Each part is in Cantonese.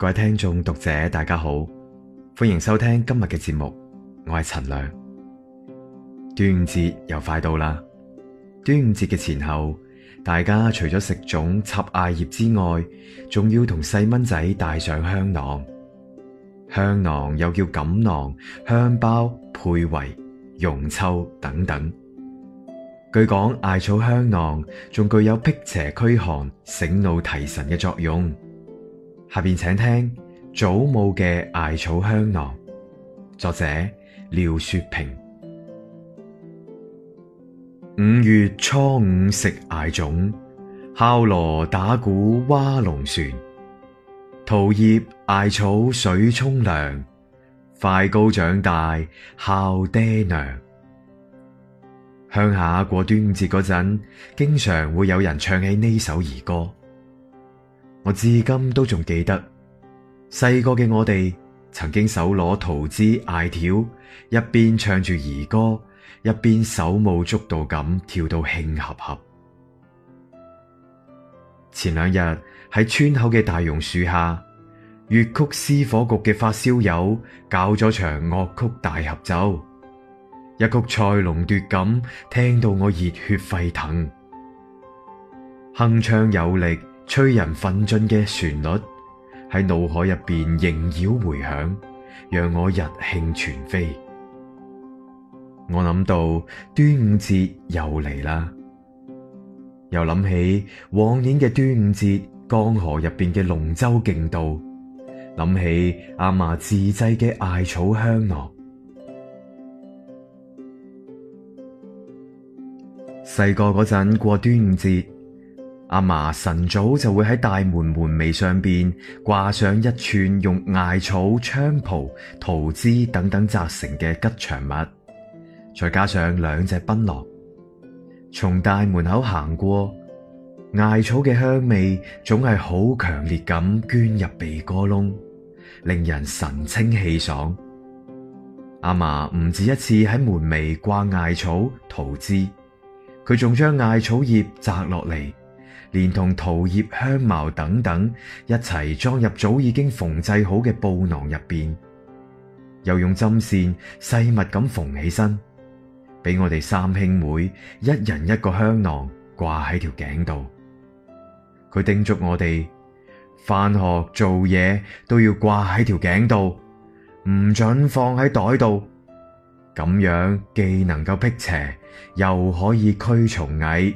各位聽眾讀者大家好，歡迎收聽今日嘅節目，我係陳亮。端午節又快到啦，端午節嘅前後，大家除咗食粽插艾葉之外，仲要同細蚊仔帶上香囊。香囊又叫錦囊、香包、佩幃、容臭等等。據講，艾草香囊仲具有辟邪驅寒、醒腦提神嘅作用。下面請聽祖母嘅艾草香囊，作者廖雪萍。五月初五食艾粽，敲鑼打鼓劃龍船，桃葉艾草水沖涼，快高長大孝爹娘。鄉下過端午節嗰陣，經常會有人唱起呢首兒歌。我至今都仲記得細個嘅我哋曾經手攞桃枝、艾條，一邊唱住兒歌，一邊手舞足蹈咁跳到興合合。前兩日喺村口嘅大榕樹下，粵曲私伙局嘅發燒友搞咗場樂曲大合奏，一曲賽龍奪錦，聽到我熱血沸騰，鏗鏘有力。催人奮進嘅旋律喺腦海入邊縈繞回響，讓我逸興遄飛。我諗到端午節又嚟啦，又諗起往年嘅端午節，江河入邊嘅龍舟競渡，諗起阿嫲自製嘅艾草香囊。細個嗰陣過端午節。阿嫲晨早就會喺大門門楣上邊掛上一串用艾草、菖蒲、桃枝等等紮成嘅吉祥物，再加上兩隻檳榔。從大門口行過，艾草嘅香味總係好強烈，咁鑽入鼻哥窿，令人神清氣爽。阿嫲唔止一次喺門楣掛，掛艾草、桃枝，佢仲將艾草葉摘落嚟。連同桃葉、香茅等等一齊裝入早已經縫製好嘅布囊入邊，又用針線細密咁縫起身，俾我哋三兄妹一人一個香囊掛喺條頸度。佢叮囑我哋，返學做嘢都要掛喺條頸度，唔准放喺袋度。咁樣既能夠辟邪，又可以驅蟲蟻。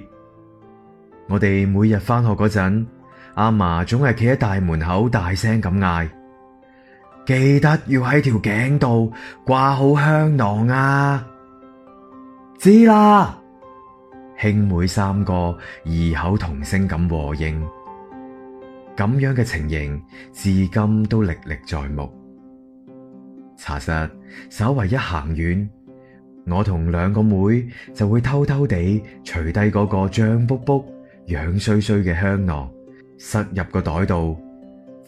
我哋每日翻學嗰陣，阿嫲總係企喺大門口大聲咁嗌：記得要喺條頸度掛好香囊啊！知啦，兄妹三個異口同聲咁和應。咁樣嘅情形至今都歷歷在目。查實稍為一行遠，我同兩個妹妹就會偷偷地除低嗰個脹卜卜。樣衰衰嘅香囊塞入個袋度，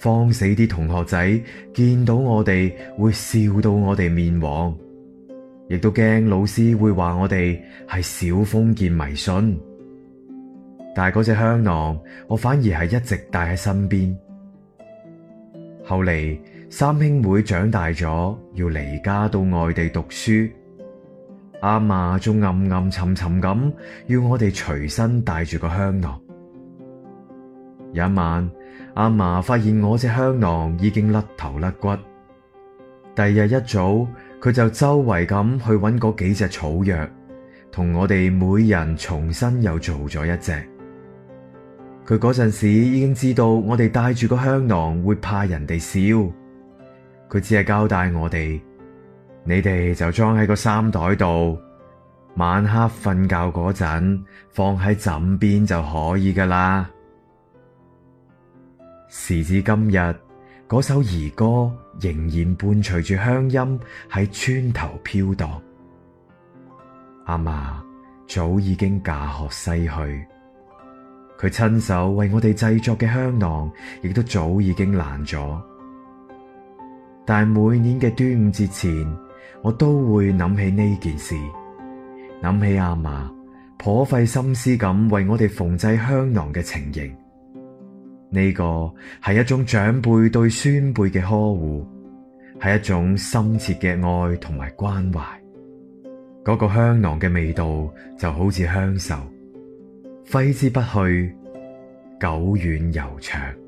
慌死啲同學仔見到我哋會笑到我哋面黃，亦都驚老師會話我哋係小封建迷信。但係嗰隻香囊，我反而係一直帶喺身邊。後嚟三兄妹長大咗，要離家到外地讀書。阿嫲仲暗暗沉沉咁要我哋隨身帶住個香囊。有一晚，阿嫲發現我隻香囊已經甩頭甩骨。第二日一早，佢就周圍咁去揾嗰幾隻草藥，同我哋每人重新又做咗一隻。佢嗰陣時已經知道我哋帶住個香囊會怕人哋笑，佢只係交代我哋。你哋就裝喺個衫袋度，晚黑瞓覺嗰陣放喺枕邊就可以噶啦。時至今日，嗰首兒歌仍然伴隨住鄉音喺村頭飄蕩。阿嫲早已經駕鶴西去，佢親手為我哋製作嘅香囊亦都早已經爛咗，但每年嘅端午節前，我都會諗起呢件事，諗起阿嫲頗費心思咁為我哋縫製香囊嘅情形。呢、這個係一種長輩對孫輩嘅呵護，係一種深切嘅愛同埋關懷。嗰、這個香囊嘅味道就好似鄉愁，揮之不去，久遠悠長。